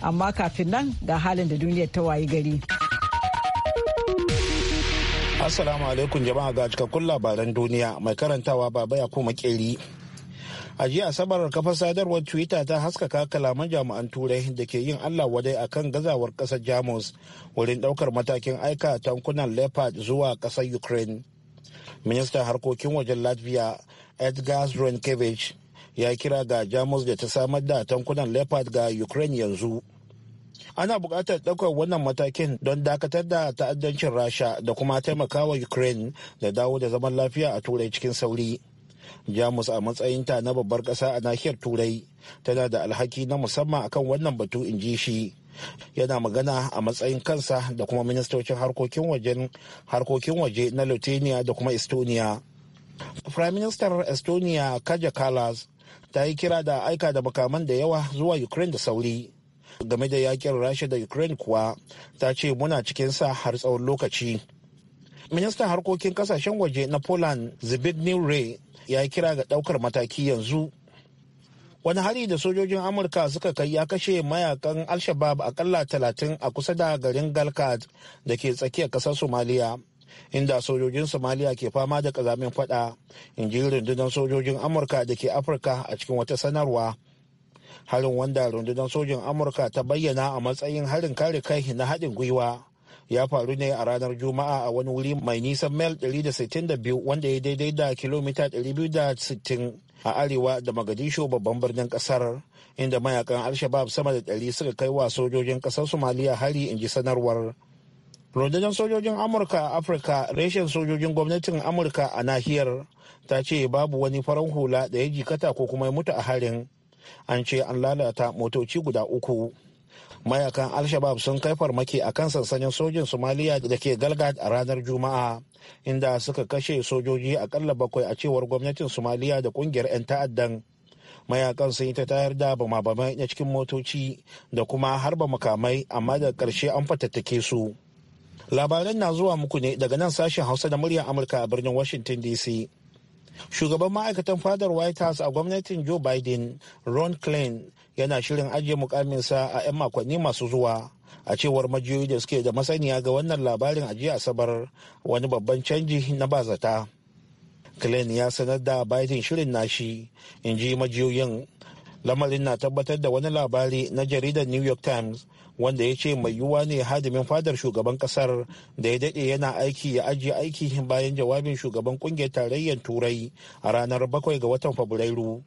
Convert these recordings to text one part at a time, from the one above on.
amma kafin nan ga halin da duniyar ta wayi gari. Assalamu alaikum jama'a ga cikakkun labaran duniya mai karantawa baba ya kuma keri. A jiya asabar kafar sadarwar Twitter ta haskaka kalaman jami'an turai da ke yin Allah wadai akan gazawar kasar Jamus wurin daukar matakin aika tankunan Leopard zuwa kasar Ukraine. Ministan harkokin wajen Latvia Edgar Zrinkevich ya kira ga Jamus da ta samar da tankunan Leopard ga Ukraine yanzu. ana buƙatar ɗaukar wannan matakin don dakatar da ta'addancin rasha da kuma taimakawa ukraine da dawo da zaman lafiya a turai cikin sauri jamus a matsayinta na babbar ƙasa a nahiyar turai tana da alhaki na musamman akan wannan batu in ji shi yana magana a matsayin kansa da kuma ministocin harkokin waje harkokin waje na lithuania da kuma estonia prime minister estonia kaja kalas ta yi kira da aika da makaman da yawa zuwa ukraine da sauri game da yakin rasha da ukraine kuwa ta ce muna cikin sa har tsawon lokaci ministan harkokin kasashen waje na poland zbigniew ray ya yi kira ga daukar mataki yanzu wani hari da sojojin amurka suka kai ya kashe mayakan alshabab akalla talatin a kusa da garin galkad da ke tsakiyar kasar somaliya inda sojojin somaliya ke fama da kazamin fada in ji rundunar sojojin amurka da ke afirka a cikin wata sanarwa harin wanda rundunar sojin amurka ta bayyana a matsayin harin kare kai na haɗin gwiwa ya faru ne a ranar juma'a a wani wuri mai nisan mil 162 wanda ya daidai da kilomita 260 a arewa da magadisho babban birnin kasar inda mayakan alshabab sama da 100 suka kai wa sojojin kasar somaliya hari in ji sanarwar rundunar sojojin amurka a afirka reshen sojojin gwamnatin amurka a nahiyar ta ce babu wani farin hula da ya jikata ko kuma ya mutu a harin an ce an lalata motoci guda uku mayakan al-shabab sun kai farmaki a kan sansanin sojin somaliya da ke galgad a ranar juma'a inda suka kashe sojoji akalla bakwai a cewar gwamnatin somaliya da kungiyar 'yan ta'addan mayakan sun yi ta tayar da bama-bamai na cikin motoci da kuma harba makamai amma daga karshe an fatattake su labaran na zuwa muku ne daga nan sashen hausa da muryar amurka a birnin washington dc shugaban ma'aikatan fadar white house a gwamnatin joe biden ron klein yana shirin ajiye mukaminsa a 'yan makonni masu zuwa a cewar majiyoyi da suke da masaniya ga wannan labarin ajiye asabar wani babban canji na bazata klein ya sanar da biden shirin nashi in ji majiyoyin lamarin na tabbatar da wani labari na jaridar new york times wanda ya ce mai yiwuwa ne hadimin fadar shugaban kasar da ya dade yana aiki ya ajiye aiki bayan jawabin shugaban kungiyar tarayyar turai a ranar bakwai ga watan fabrairu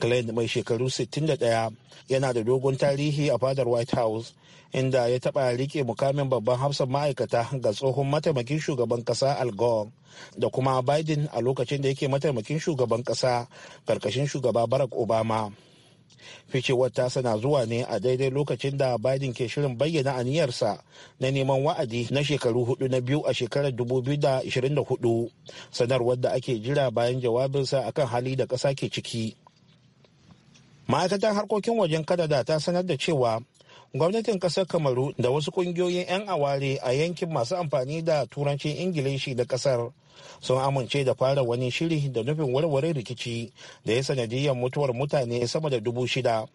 Glenn mai shekaru 61 yana da dogon tarihi a fadar White House inda ya taɓa rike mukamin babban hafsan ma'aikata ga tsohon mataimakin shugaban kasa Al Gore da kuma Biden a lokacin da yake mataimakin shugaban kasa karkashin shugaba Barack Obama. ficewar tasa na zuwa ne a daidai lokacin da biden ke shirin bayyana aniyarsa na neman wa'adi na shekaru hudu na biyu a shekarar 2024 sanarwar da ake jira bayan jawabinsa akan hali da ƙasa ke ciki ma'aikatan harkokin wajen kanada ta sanar da cewa gwamnatin kasar kamaru da wasu kungiyoyin 'yan aware a yankin masu amfani da turancin ingilishi da kasar sun amince da fara wani shiri da nufin warware rikici da ya sanadiyar mutuwar mutane sama da dubu shida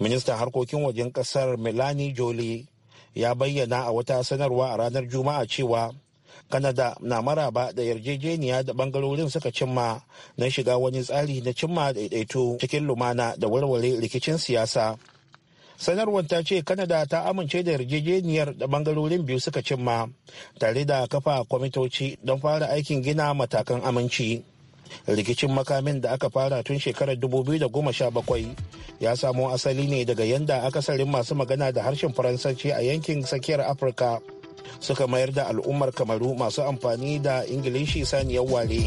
ministan harkokin wajen kasar milani joli ya bayyana a wata sanarwa a ranar juma'a cewa Kanada na maraba da yarjejeniya da bangarorin suka cimma na shiga wani tsari na cimma daidaito cikin lumana da warware rikicin siyasa sanarwar ta ce kanada ta amince da yarjejeniyar da bangarorin biyu suka cimma tare da kafa kwamitoci don fara aikin gina matakan aminci rikicin makamin da aka fara tun shekarar 2017 ya samo asali ne daga yadda akasarin masu magana da harshen faransanci a yankin tsakiyar afirka suka mayar da al'ummar kamaru masu amfani da ingilishi saniyar ware.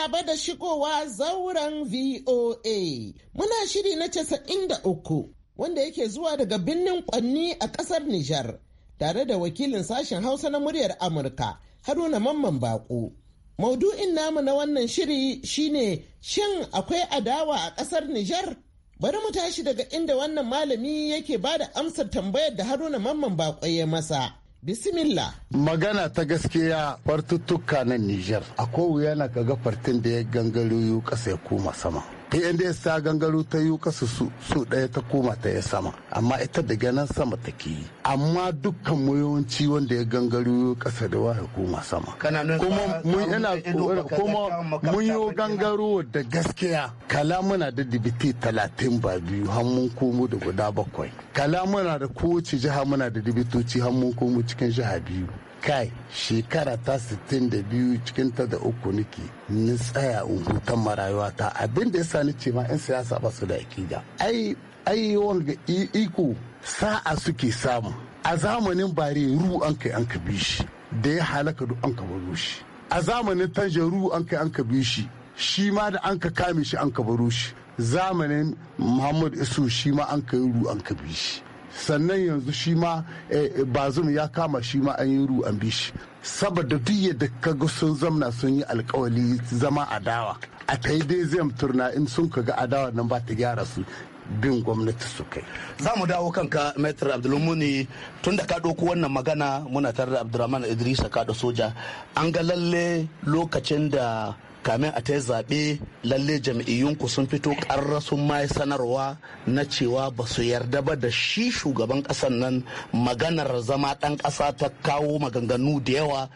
maraba da shigowa zauren VOA. Muna shiri na casa'in da uku wanda yake zuwa daga birnin kwanni a ƙasar Nijar tare da wakilin sashen Hausa na muryar Amurka Haruna Mamman Bako. Maudu'in namu na wannan shiri shine shin akwai adawa a ƙasar Nijar? Bari mu tashi daga inda wannan malami yake ba da amsar tambayar da Haruna Mamman Bako ya masa. Bismillah. Magana ta gaskiya fartuttuka na Nijar. A wuya yana kaga fartin da ya gangaro ƙasa ya koma sama. pnds ta gangaro ta yi kasu su ɗaya ta koma ta ya sama amma ita daga nan sama take yi amma dukkan mu wanda ya gangaro kasa da waya koma sama kuma mun yana kuma mun yi gangaro da gaskiya kala muna da dibiti talatin ba biyu har mun komo da guda bakwai kala muna da kowace jiha muna da dibitoci har mun komo cikin jiha biyu kai shekara ta 62 cikin ta da uku nake ni tsaya in hutan marayuwa ta abin da yasa ni ce ma in siyasa ba su da akida ai ai ga iko sa'a suke samu a zamanin bare ru an kai an ka shi da ya halaka duk an ka shi a zamanin tanjaru an kai an ka shi shi ma da an ka kame shi an ka shi zamanin muhammad isu shi ma an kai ru an ka bi shi sannan yanzu shi ma eh, eh, bazum ya kama shi ma an yi ru an bi shi saboda duk yadda kaga sun zamna sun yi alkawali zama adawa a ta yi dai zai turna in sun ka ga adawa nan ba ta gyara su bin gwamnati su kai. Za mu dawo kanka Maitar Abdulmuni tun da ka ɗauko wannan magana muna tare da Abdulrahman Idrisa ka soja an ga lalle lokacin da kamin a ta yi zaɓe lalle jam'iyyunku sun fito ƙarra sun ma sanarwa na cewa ba su yarda ba da shi shugaban ƙasar nan maganar zama ɗan ƙasa ta kawo maganganu da yawa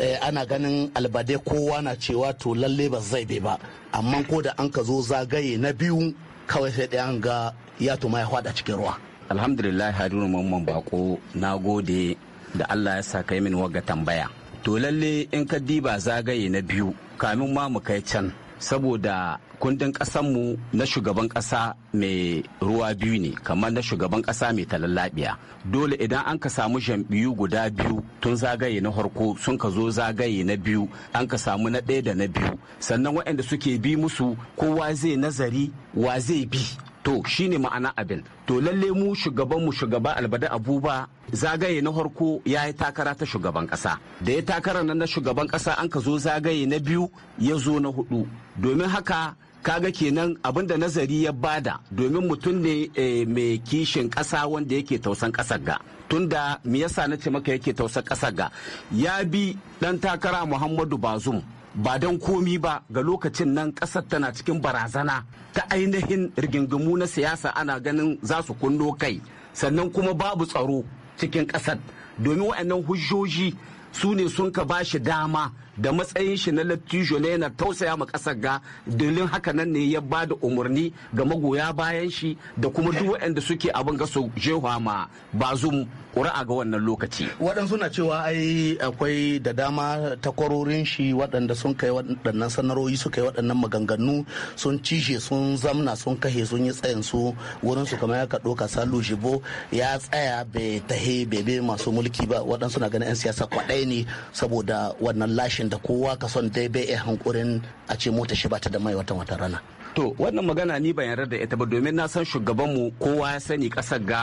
eh, ana ganin albade kowa na cewa to lalle ba zai ba amma ko da an ka zo zagaye na biyu kawai sai an ga ya tuma ya faɗa cikin ruwa. alhamdulillah haruna mamman bako na gode da allah ya sa kai min waga tambaya to lalle in ka diba zagaye na biyu kamin ma mu kai can saboda kundin mu na shugaban ƙasa mai ruwa biyu ne kamar na shugaban ƙasa mai talallabiya dole idan an ka samu jam'iyyu guda biyu tun zagaye na harko sun ka zo zagaye na biyu an ka samu na ɗaya da na biyu sannan waɗanda suke bi musu kowa zai nazari wa zai bi to shine ma'ana abin to lalle mu shugaban mu shugaba albada abuba zagaye na farko ya yi takara ta shugaban kasa da ya takara nan na shugaban kasa an ka zo zagaye na biyu ya zo na hudu domin haka kaga kenan abin da nazari ya bada domin mutum ne eh, mai kishin kasa wanda yake tausan ƙasar ga tunda me yasa na ce maka yake tausan ƙasar ga ya bi dan takara muhammadu bazum ba don komi ba ga lokacin nan ƙasar tana cikin barazana ta ainihin rigingimu na siyasa ana ganin za su kunno kai sannan kuma babu tsaro cikin ƙasar domin waɗannan hujjoji su ne sun ka ba shi dama da matsayin shi na latijole na tausaya ma kasar ga dalilin haka nan ne ya bada umarni ga magoya bayan shi da kuma duk waɗanda suke abin ga su jehuwa ma ba zum ƙuri'a ga wannan lokaci. waɗansu na cewa ai akwai da dama takwarorin shi waɗanda sun kai waɗannan sanarori su kai waɗannan maganganu sun cishe sun zamna sun kahe sun yi tsayin su wurin su kamar ka ɗoka salu jibo ya tsaya bai tahe bai masu mulki ba waɗansu na ganin 'yan siyasa kwaɗai ne saboda wannan lashin da kowa ka son dai bai hankurin a ce mota shi bata da mai watan wata rana to wannan magana ni ban yarda da ita ba domin na san shugabanmu kowa ya sani kasar ga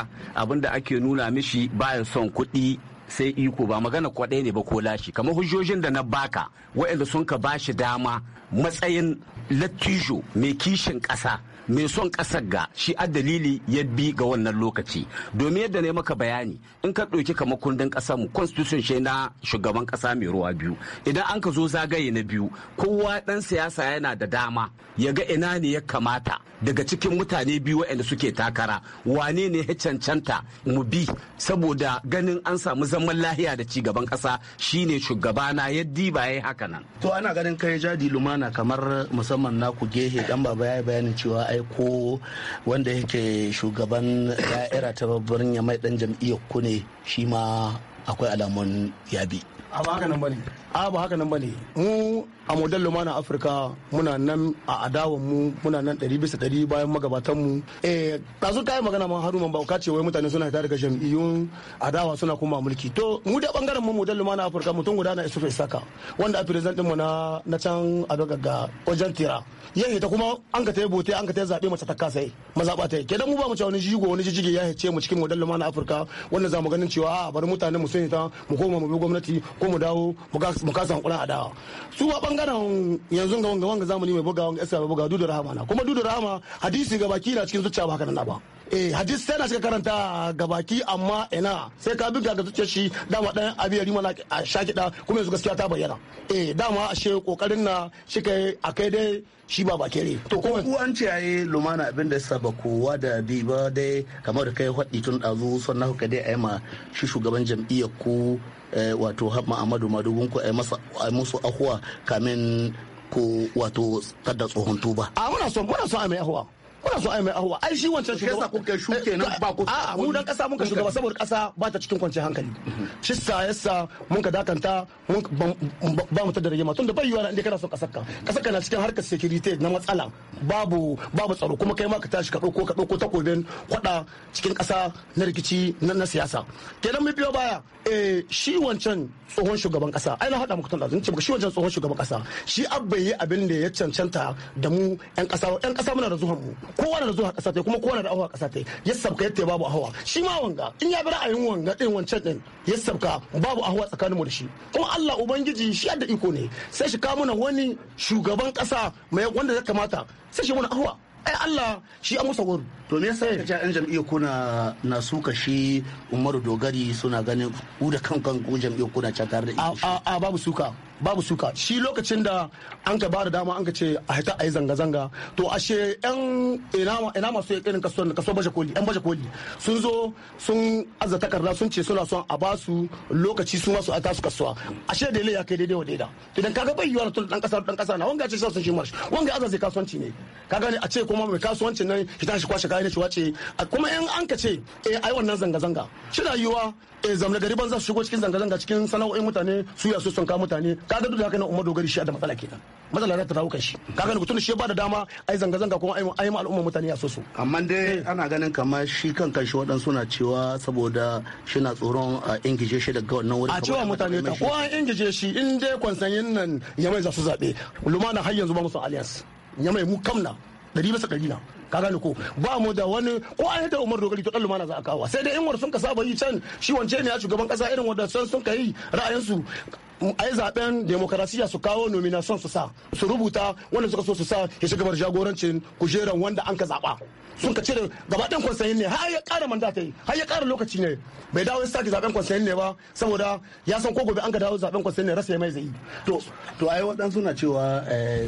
da ake nuna mishi baya son kuɗi sai iko ba magana kwaɗai ne ba ko lashi kamar hujjojin da na baka waɗanda sun ka bashi dama matsayin lattijo mai kishin ƙasa mai son ƙasar ga shi a dalili ya bi ga wannan lokaci domin yadda ne maka bayani in ka ɗauki kamar kundin ƙasa mu constitution shi na shugaban ƙasa mai ruwa biyu idan an ka zo zagaye na biyu kowa ɗan siyasa yana da dama ya ga ina ne ya kamata daga cikin mutane biyu waɗanda suke takara wane ne ya cancanta mu bi saboda ganin an samu zaman lahiya da ci gaban ƙasa shine shugabana yaddi diba ya haka nan to ana ganin kai jadi lumana kamar musamman naku gehe dan baba ya bayanin cewa aiko wanda yake shugaban da'ira ta babbar ya mai dan jam'iyyar ku ne shi ma akwai alamun yabi. A a ba haka nan bane mu a model lumana afirka muna nan a adawan mu muna nan ɗari bisa ɗari bayan magabatan mu eh ɗazu kayan magana ma haruma ba ka ce wai mutane suna tare daga jam'iyyun adawa suna kuma mulki to mu da bangaren mu model lumana afirka mutum guda na isufa isaka wanda a president mu na na can a daga wajen tira yan ita kuma an ka tayi bote an ka tayi zabe mace ta kasa mazaba ta kedan mu ba mu ci wani jigo wani jijige ya ce mu cikin model lumana afirka wanda za mu ganin cewa a bari mutanen mu sun ita mu koma mu bi gwamnati ko mu dawo mu ga bukasan kuran adawa su ba bangaren yanzu ga wanga wanga zamani mai buga wanga isa mai buga dudu rahama na kuma dudu rahama hadisi ga baki na cikin zuciya ba haka nan ba eh hadis sai na shiga karanta ga baki amma ina sai ka binka ga zuciyar shi dama dan abiya rima na a sha kiɗa kuma yanzu gaskiya ta bayyana eh dama ashe kokarin na shi kai akai dai shi ba ba kere to ko ku an ce yayi lumana abin da saba kowa da bi ba dai kamar kai hadi tun dazu sannan ka dai ayi ma shi shugaban jam'iyyar ku eh, wato Hamma Ahmadu Madugun ku ayi masa ayi musu ahuwa kamin ko wato kada tsohon tuba a muna son muna son a mai ahuwa kuna so ai mai ahuwa ai shi wancan shugaba kun kuka shuke nan ba ku eh, a mu dan kasa mun ka shugaba saboda kasa ba ta cikin kwanciyar hankali shi sa yasa mun ka dakanta mun ba mu ta da rigima tunda bai yiwa inda kana so kasar ka kasar ka na cikin harkar security na matsala babu babu tsaro kuma kai ma ka tashi ka dauko ka dauko takobin kwada cikin kasa na rikici na na siyasa kenan mu biyo baya eh shi wancan tsohon shugaban kasa ai na hada muku tunda ce shi wancan tsohon shugaban kasa shi abba abin da ya cancanta da mu yan kasa yan kasa muna da zuhan mu kowa na da zuwa kasa ta kuma kowa na da awa kasa ta ya sabka yadda babu hawa shi ma wanga in ya bi ra'ayin wanga din wancan din ya sabka babu ahawa tsakaninmu da shi kuma Allah ubangiji shi da iko ne sai shi kawo mana wani shugaban kasa mai wanda ya kamata sai shi mana hawa ai Allah shi an musa wuri to me yasa kace yan jam'iyyar kuna na suka shi Umaru Dogari suna ganin ku da kan kan kun jam'iyyar kuna can tare da a a babu suka babu suka shi lokacin da an ka bada dama an ka ce a hita ayi zanga zanga to ashe yan ina masu irin kaso kaso baje koli yan baje koli sun zo sun azza takarda sun ce suna son a basu lokaci su masu aka su kasuwa ashe da ya kai daidai wa daida dan kaga bai yiwa tun dan kasa dan kasa na wanga ce sai sun shi marsh wanga azza kasuwanci ne kaga ne a ce kuma mai kasuwancin nan shi tashi kwashe kayan cewa ce kuma in an ka ce a eh, ai wannan zanga-zanga shi rayuwa eh zamna gari ban za su shigo cikin zanga-zanga cikin sana'o'in mutane su ya so sun ka mutane ka ga duk haka na umar dogari shi da matsala kenan matsala ta dawo kan shi ka ga tun shi ba da dama ai zanga-zanga kuma ai ma al'umma mutane ya so su amma dai eh. ana ganin kamar shi kan shi waɗansu na cewa saboda shi na tsoron a ingije shi daga wannan wurin a cewa mutane ta ko an ingije shi in dai kwansanyin nan yamai za su zaɓe lumana har yanzu ba musu alliance yamai mu kamna dari bisa ɗari na kaga ni ko ba mu da wani ko an da umar dogari to dan lumana za a kawo sai dai in war sun ka saba yi can shi wance ne ya shugaban kasa irin wanda sun ka yi ra'ayin su ai zaben demokarasiya su kawo nomination su sa su rubuta wanda suka so su sa ya shiga bar jagorancin kujeran wanda an ka zaba sun ka cire gaba ɗan kwansayin ne har ya ƙara manda ta yi har ya ƙara lokaci ne bai dawo ya sake zaben kwansayin ne ba saboda ya san ko gobe an ka dawo zaben kwansayin ne rasa ya mai zai to to ai wadan suna cewa eh,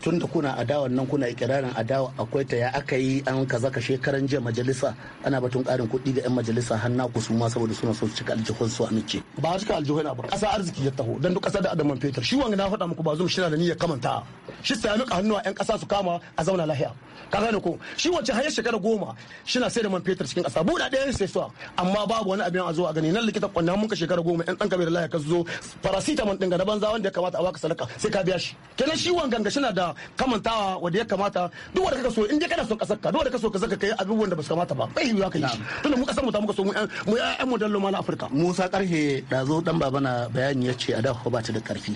tun da kuna adawa nan kuna ikirarin adawa akwai ta ya aka yi an kaza ka shekaran jiya majalisa ana batun ƙarin kuɗi ga 'yan majalisa har na ku su ma saboda suna su cika aljihun su amince ba cika aljihun ba ƙasa arziki ya taho dan duk kasar da adaman fetur shi wanga na faɗa muku ba zum shi da niyyar kamanta shi sai mika hannuwa yan ƙasa su kama a zauna lahiya ka gane ko shi wacce har shekara goma shi na sai da man fetur cikin ƙasa buɗa ɗaya sai suwa amma babu wani abin a zo a gani nan likita kwanna mun ka shekara goma yan ɗan kabe da lahiya ka zo paracetamol ɗin ga na banza wanda ya kamata a baka sadaka sai ka biya shi kenan shi wanga shi na da kamantawa wanda ya kamata duk wanda kaka so in dai kana son ƙasar ka duk wanda ka so ka zaka kai abubuwan da ba su kamata ba bai yiwuwa ka yi shi tunda mu ƙasar mu ta muka so mu ƴan mu ƴan mu dallo ma na Afirka Musa Karhe da zo dan baba na bayani ya ce a da ba ta da karfi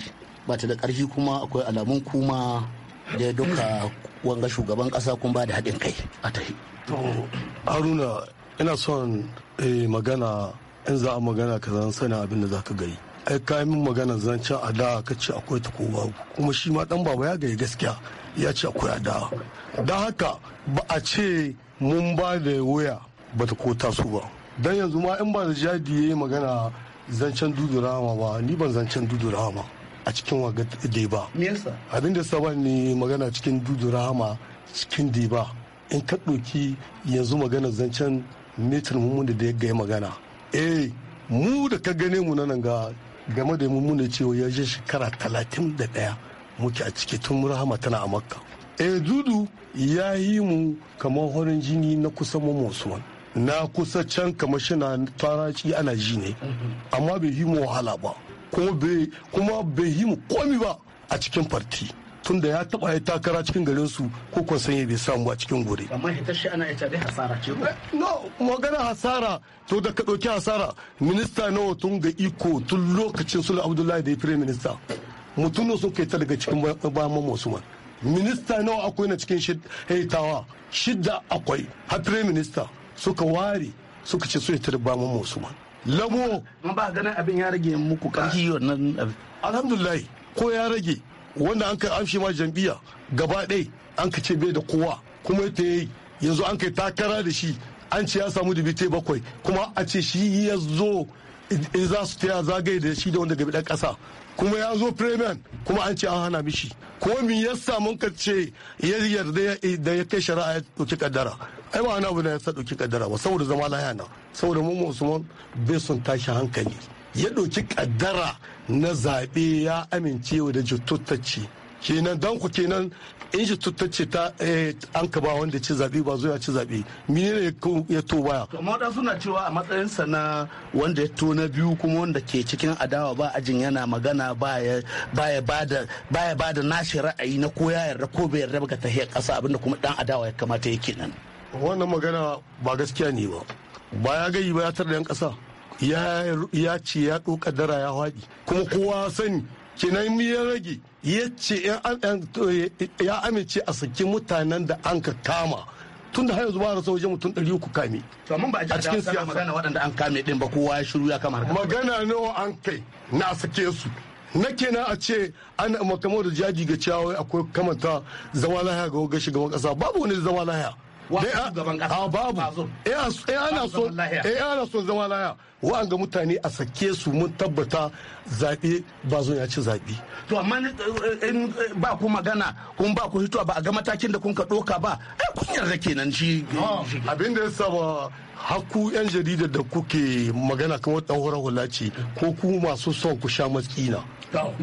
ba ta da karfi kuma akwai alamun kuma da ya duka wanga shugaban kasa kuma ba da haɗin kai a tahi. haruna ina son eh, magana in za a magana ka zan sani abin da za ka gari ai ka min magana zancen a da ka ce akwai ta kowa kuma shi ma dan baba ya gari gaskiya ya ce akwai a da don haka ba a ce mun ba da waya ba ta ko taso ba don yanzu ma in ba da jadi ya yi magana zancen dudu rama ba ni ban zancen dudu rama a cikin waga deba abin da saba ne magana cikin dudu rama cikin deba in ka ɗoki yanzu magana zancen metin mummuna da ya gaya magana eh mu da ka gane mu nan ga game da mummuna cewa ya je shekara talatin da ɗaya muke a ciki tun rahama tana a makka eh dudu ya yi mu kamar horin jini na kusan mu musuwan na kusa can kamar shina taraci ana ji ne amma bai yi mu wahala ba kuma bai yi mu komi ba a cikin farti tunda ya taba ya takara cikin garin su ko sanya bai samu a cikin gore amma ita shi ana ita dai hasara ce ba no magana hasara to da ka dauki hasara minista nawa tun ga iko tun lokacin sulhu abdullahi da ya fire minista mutum sun kai ta daga cikin bayan ma. minista nawa akwai na cikin eh, shidda akwai har prime minister suka ware suka ce su tarba mu musu ba lamo mun ba ganin abin ya rage muku karfi wannan alhamdulillah ko ya rage wanda an kai amshi ma jam'iyya gaba ɗai an ka ce bai da kowa kuma ta yi yanzu an kai takara da shi an ce ya samu dubite bakwai kuma a ce shi ya zo in za su taya zagaye da shi da wanda gabi ɗan ƙasa kuma ya zo premier kuma an ce an hana mishi ko min yasa mun ka ce ya yarda da ya kai shari'a ya ɗauki kaddara ai ba wani abu da ya sa ɗauki kaddara ba saboda zama laya na saboda mu usman bai son tashi hankali ya ɗauki kaddara na zaɓe ya amince da jituttacci kenan dan ku kenan in shi tuttace ta eh, an ka ba wanda ci zaɓe ba zo ya ci zaɓe mini ne ya to baya amma da suna cewa a matsayinsa na wanda ya to na biyu kuma wanda ke cikin adawa ba ajin yana magana baya ba da nashi ra'ayi na ko ya yarda ko bai yarda ba ga tahiyar ƙasa abinda kuma dan adawa ya kamata yake nan wannan magana ba gaskiya ne ba ba ya gayi ba ya tarda yan ƙasa ya ce ya ɗoka dara ya haɗi kuma kowa sani kinan ya rage ya ce ya amince a saki mutanen da an ka kama tun da har yanzu ba rasa waje mutum ɗari uku kame. a cikin siyasa magana waɗanda an kame ɗin ba kowa ya shiru ya kama Magana nawa an kai na sake su. Na kenan a ce an makamau da jaji ga ciyawa akwai kamanta zama lahiya ga shugaban gaban ƙasa babu wani zama lahiya. Eh, gaban ah, babu eh, ah, eh, ana so zama laya wa'anga mutane a sake su mun tabbata zaɓe ba zo ya ci zaɓe. to amma in ba ku magana kun ba ku hito ba a ga matakin da kun ka ɗoka ba ai kun yarda kenan shi ah, abin da ya saba haku 'yan jaridar da kuke magana kamar dan hula ce ko ku masu son ku sha matsina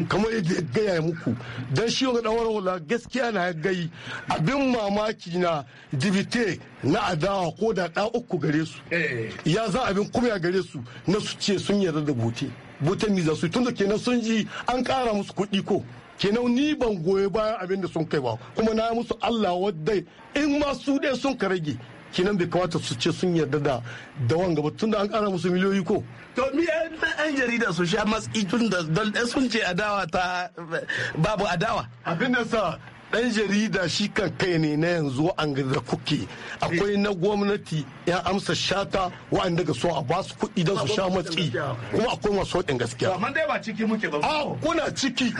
kamar yadda gaya muku dan shi ga dan hula gaskiya na gai abin mamaki na dibite na adawa ko da ɗa uku gare su eh. ya za abin kuma gare su na su ce sun yarda da bote bote mi za su tunda kenan sun ji an kara musu kuɗi ko kenan ni ban goyi bayan abin da sun kai ba kuma na musu Allah wadda in ma su dai sun ka rage kinan bai kamata su ce sun yarda da dawan gaba tun da an kara musu miliyoyi ko to mi ɗan jarida su sha matsi tun da don sun ce adawa ta babu adawa abin da sa dan jarida shi kan kai ne na yanzu an da kuke akwai na gwamnati ya amsa shata wa'anda ga so a ba su kuɗi don su sha matsi kuma akwai masu waɗin gaskiya amma dai ba ciki muke ba kuna ciki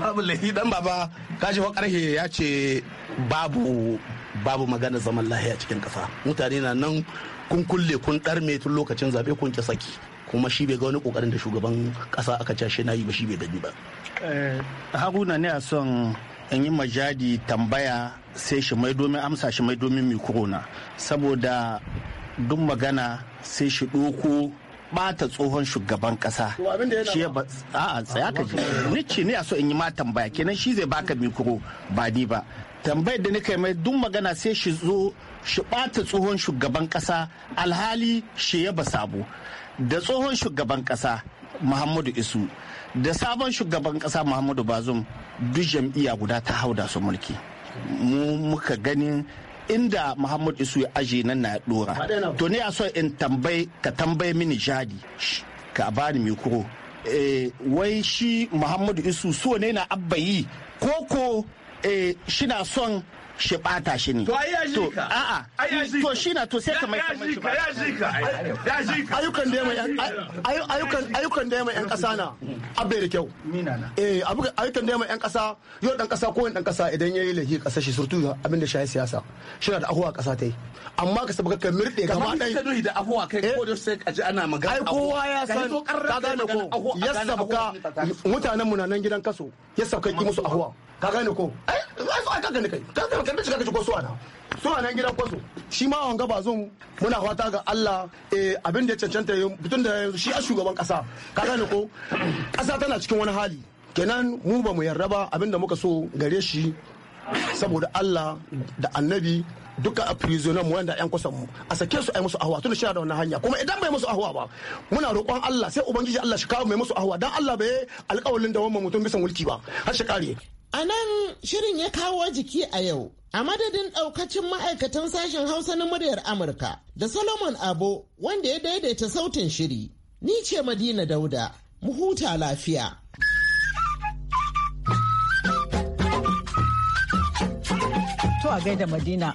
babu lahi dan baba kashi wa karhe ya ce babu babu magana zaman lahiya cikin kasa mutane na nan kun kulle kun ɗarme tun lokacin zaɓe kun ki saki kuma shi bai ga wani kokarin da shugaban kasa aka cashe na yi ba shi bai gani ba eh, haruna ne a son in yi majadi tambaya sai shi mai domin amsa shi mai domin mikrona saboda duk magana sai shi ɗoko bata tsohon shugaban kasa shi ya a tsaya ka ji nici ne a so in yi ma tambaya kenan shi zai baka mikro ba ni ba tambayar da nika mai duk magana sai shi zo shi bata tsohon shugaban kasa alhali shi ya ba sabo da tsohon shugaban kasa muhammadu isu da sabon shugaban kasa muhammadu bazum duk jam'iyya guda ta hau da su mulki mu muka ganin inda Muhammadu isu ya aje nan na dora to ne a so in tambayi ka tambayi mini jadi ka bani mikro eh wai shi Muhammadu isu so ne na abbayi koko e, eh, shi na son shi bata shi ne to a a. to shi na to sai ka mai kamar shi ba Ayukan da yamma ayukan ayukan da yamma yan kasa na abai da kyau eh ayukan da yamma yan kasa yau dan kasa ko dan kasa idan yayi lahi kasa shi surtu abin da shi siyasa shi na da ahuwa kasa tai amma ka saba ka mirde gaba dai kamar sai da ahuwa kai eh. ko da sai ka ji ana magana ai kowa ya san ka gane ko ya sabka mutanen mu na nan gidan kaso ya sabka ki musu ahuwa ka gane ko eh. ai so ai kaga ne kai ka ka ka shiga ka shigo na so a nan gidan kwaso shi ma wanga ba zon muna fata ga Allah eh abin da ya cancanta mutum da yanzu shi a shugaban kasa ka gane ko kasa tana cikin wani hali kenan mu ba mu yarda ba abin da muka so gare shi saboda Allah da annabi duka a prisoner mu wanda yan kusan mu a sake su ai musu ahwa tun shi da wannan hanya kuma idan bai musu ahwa ba muna roƙon Allah sai ubangiji Allah shi kawo mai musu ahwa dan Allah bai alƙawalin da wannan mutum bisan mulki ba har shi kare A nan shirin ya kawo jiki a yau, a madadin ɗaukacin ma'aikatan sashen Hausa na muryar Amurka da Solomon Abo wanda ya daidaita sautin shiri. Ni ce Madina Dauda, mu huta lafiya. To a gaida Madina.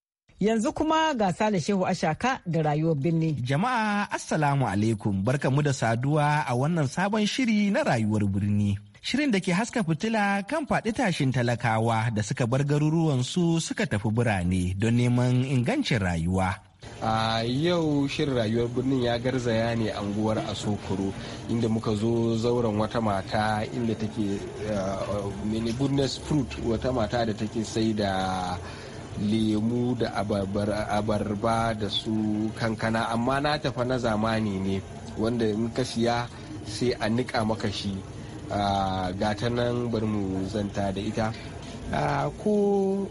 Yanzu kuma ga Sale Shehu Ashaka da rayuwar birni. Jama'a Assalamu alaikum barkamu da saduwa a wannan sabon shiri na rayuwar birni. Shirin da ke haska fitila kan faɗi tashin talakawa da suka bar garuruwan su suka tafi birane don neman ingancin rayuwa. a yau shirin rayuwar birnin ya garzaya ne anguwar asokoro inda muka zo zauren wata mata inda take eh, eh, mini fruit wata mata da take sai da lemu da abarba da su kankana amma na tafa na zamani ne wanda in ka siya sai a niƙa maka shi gata nan bari mu zanta da ita ko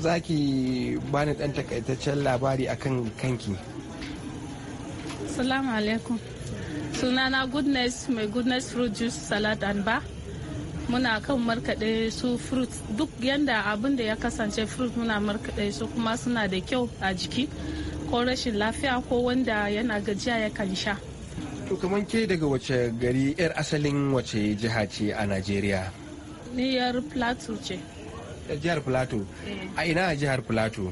za ki bani ɗan takaitaccen labari akan kanki salamu alaikum sunana goodness mai goodness fruit juice salad and bar muna kan markaɗe su fruit duk yanda abin da ya kasance fruit muna markaɗe su kuma suna da kyau a jiki ko rashin lafiya ko wanda yana gajiya ya kan sha to kamar ke daga wace gari yar asalin wace jiha ce a najeriya ni yar plateau ce jihar plateau eh. a ina jihar plateau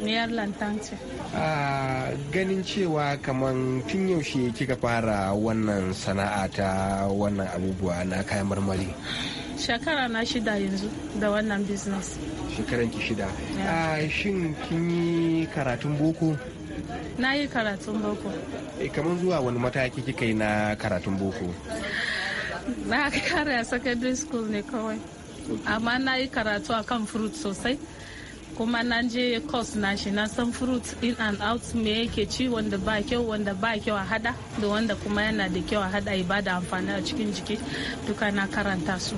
Niyar lantance. A ganin cewa kaman tun yaushe kika fara wannan sana'a ta wannan abubuwa na kayan marmari. Shekara na shida yanzu da wannan business. Shekaran ki shida. A shin kin yi karatun boko? Na yi karatun boko. E, eh, kamar zuwa wani mataki kika yi na karatun boko? Na kare a secondary school ne kawai. Amma na yi karatu a kan fruit sosai. kuma na je course na shi na san fruit in and out me yake ci wanda ba kyau wanda ba kyau a hada da wanda kuma yana da kyau a hada ibada amfani a cikin jiki duka na karanta su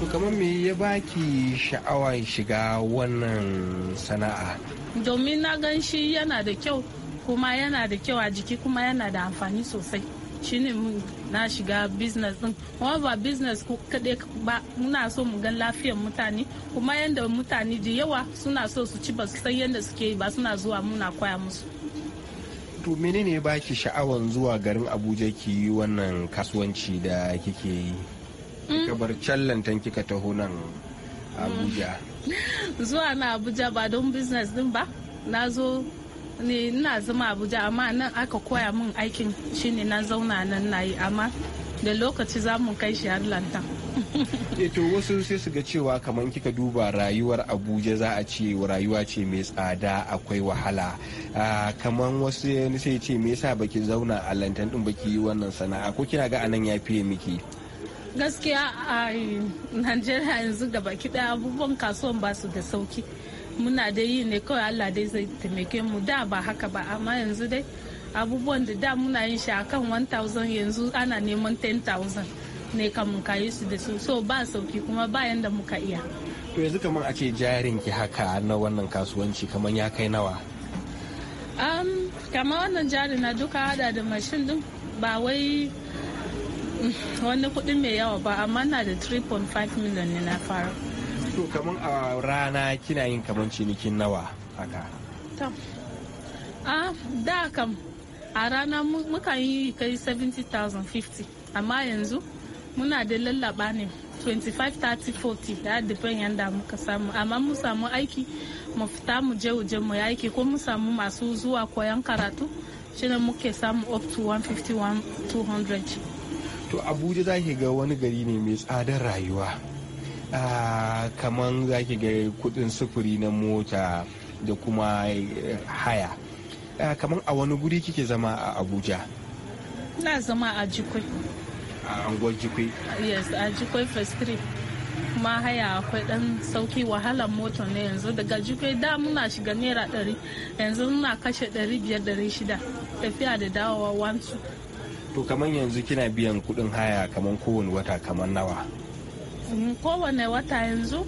to kamar me ya baki sha'awa shiga wannan sana'a domin na gan shi yana da kyau kuma yana da kyau a jiki kuma yana da amfani sosai shine mun na shiga business din kuma ba business kaɗai ba muna so mu gan lafiyar mutane kuma yadda mutane da yawa suna so su ci ba su san yadda suke ba suna zuwa muna koya musu to menene ya baki sha'awar zuwa garin abuja ki yi wannan kasuwanci da kike yi mm. kika bar can kika taho nan abuja zuwa na abuja ba don business din ba na zo ne ina zama abuja amma nan aka koya min aikin shine na zauna nan na yi amma da lokaci za mu kai shi har lantan eh to wasu sai su ga cewa kamar kika duba rayuwar abuja za a ce rayuwa ce mai tsada akwai wahala ah, kamar wasu sai ce me yasa baki zauna a lantan din baki yi wannan sana'a ko kina ga anan ya fiye miki gaskiya a najeriya yanzu baki daya abubuwan kasuwan ba su da sauki muna da yi ne kawai allah dai zai taimake mu da ba haka ba amma yanzu dai abubuwan da da muna yin shi akan 1000 yanzu ana neman 10000 ne kamun ka yi su da su so ba sauki kuma ba yanda muka iya to yanzu kamar a ce jarin ki haka na wannan kasuwanci kamar ya kai nawa um, kamar wannan jari na duka hada da mashin din ba wai mm, wani kuɗi mai yawa ba amma na da 3.5 million ne na fara to kamar a rana kina yin kamar cinikin nawa haka a da kam a rana muka yi kai 70,050 amma yanzu muna da lallaba ne 25-30-40 ya depend yadda muka samu amma mu samu aiki mu fita mu je waje mu aiki ko mu samu masu zuwa koyon karatu shine muke samu up to 150 to abuja za ga wani gari ne mai tsadar rayuwa kamar za ki ga kudin sufuri na mota da kuma eh, haya kamar a wani guri kike zama a abuja na zama a jikwai a anguwar jikwai yes a jikwai first kuma haya akwai dan sauki wahalar mota ne yanzu daga jikwai da muna shiga naira ɗari yanzu muna kashe ɗari biyar ɗari shida tafiya da dawowa wancu to kamar yanzu kina biyan kuɗin haya kamar kowane wata kamar nawa kowane wata yanzu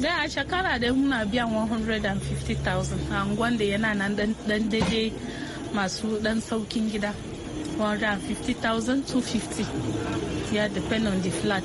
da a shekara da muna biyan 150,000 a angon da yana nan dan daidai masu dan saukin gida 150,000 250 ya depend on the flat